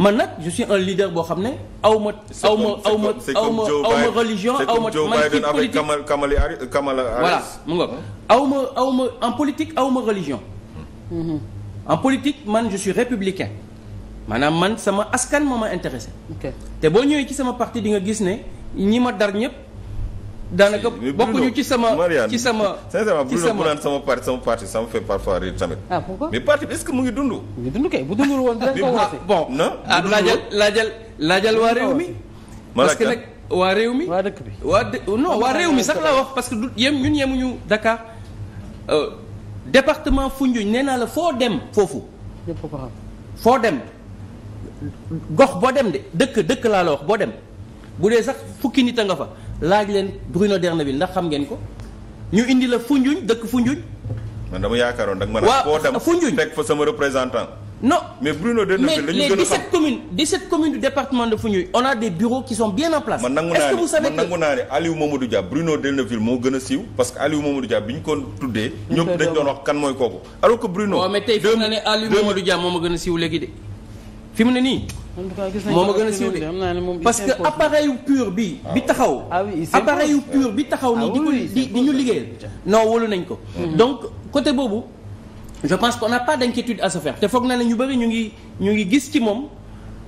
man nag je suis un leader boo xam ne aw ma. aw ma aw ma aw ma aw ma religion ma man Kamal Kamala aw ma aw ma en politique aw ma religion. Mm-hmm. en politique man je républicain maanaam man sama askan moo ma intéressé. te boo ñëwee ci sama parti di nga gis ne ñi ma dar ñëpp. daanaka bokkuñu ci sama ci sama sincèrement Bruno mu naan sama parti sama parti ça me fait parfois rire tamit. ah pourquoi mais parti bi est-ce que mu ngi dund. mu ngi dund kay bu dundul woon dina ko woote. bon non ah laajal laajal laajal waa réew mi. parce que nag waa réew mi. waa dëkk bi waa dë non waa réew mi sax laa wax parce que du yem ñun yemuñu Dakar euh, département Foundiougne nee naa la foo dem foofu. ñëpp ko xam foo dem gox boo dem de dëkk dëkk laa la wax boo dem bu dee sax fukki nit a nga fa. laaj leen Bruno D'erneville ndax xam ngeen ko ñu indi la Foundiougne dëkk Foundiougne. man dama yaakaaroon nag man. waaw ah, Foundiougne fekk fa sama représentant. non mais Bruno D'erneville la ñu gën a xam mais les 17 communes 17 communes du a des bureaux naa ne Aliou Mamadou Dia Bruno D'erneville moo gën a siiw parce que Aliou Mamadou Dia bi ñu ko tuddee. ñu ñëpp dañ doon wax kan mooy kooku alors que Bruno. waaw mais tey fi mu ne Aliou de fi mu ne nii moom a gën a siiw de parce que appareil pur bi ah. bi taxaw ah appareil pur bi taxaw nii ah di ko ñu liggéeyal non wóolu nañ ko hmm. donc côté boobu je pense qu'on n'a pas d'inquiétude à se faire te foog naa ne ñu bëri ñu ngi ñu ngi gis ci moom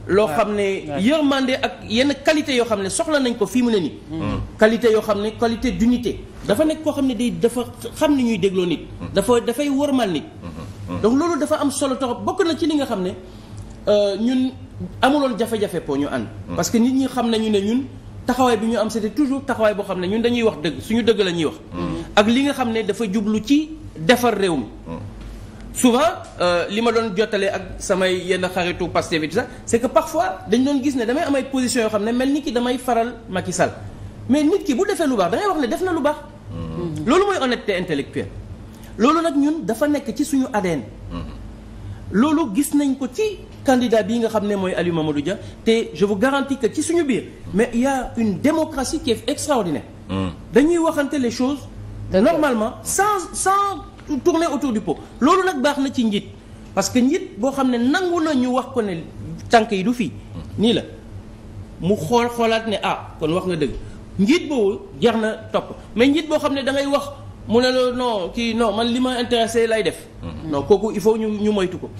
loo xam ne yërmande ak yenn qualité yoo xam ne soxla nañ ko fii mu ne nii hmm. qualité yoo xam ne qualité d'unité dafa nekk koo xam ne day dafa xam ni ñuy dégloo nit hmm. dafa dafay wërmal nit donc loolu dafa am solo torop bokk na ci li nga xam ne euh, amuloon jafe-jafe pour ñu ànd. Mm. parce que nit ñi xam nañu ne ñun taxawaay bi ñu am c'était toujours taxawaay boo xam ne ñun dañuy wax dëgg suñu dëgg la ñuy wax. Mm. ak li nga xam ne dafa jublu ci defar réew mi. Mm. souvent euh, li ma doon jottalee ak samay yenn xaritu Pastef bi sax c'est que parfois dañ doon gis ne damay am ay position yoo xam ne mel ni ki damay faral Macky Sall mais nit ki bu defee lu baax da ngay wax ne def na lu baax. loolu mooy honnêteté intellectuelle loolu nag ñun dafa nekk ci suñu ADN. loolu gis nañ ko ci candidat bi nga xam ne mooy Aliou Mamadou Dia te je vous garantis ci suñu biir mais il une démocratie qui est extraordinaire hmm. dañuy waxante chose choses normalement sans sans tourner autour du pot loolu nag baax na ci njiit parce que njiit boo xam ne nangu na ñu wax ko ne tànk yi du fii hmm. nii la mu xool xoolaat ne ah kon wax nga dëgg njiit boobu jar na topp mais njiit boo xam ne dangay wax mu ne la no kii non man li ma intéressé lay def non kooku il faut ñu ñu moytu ko.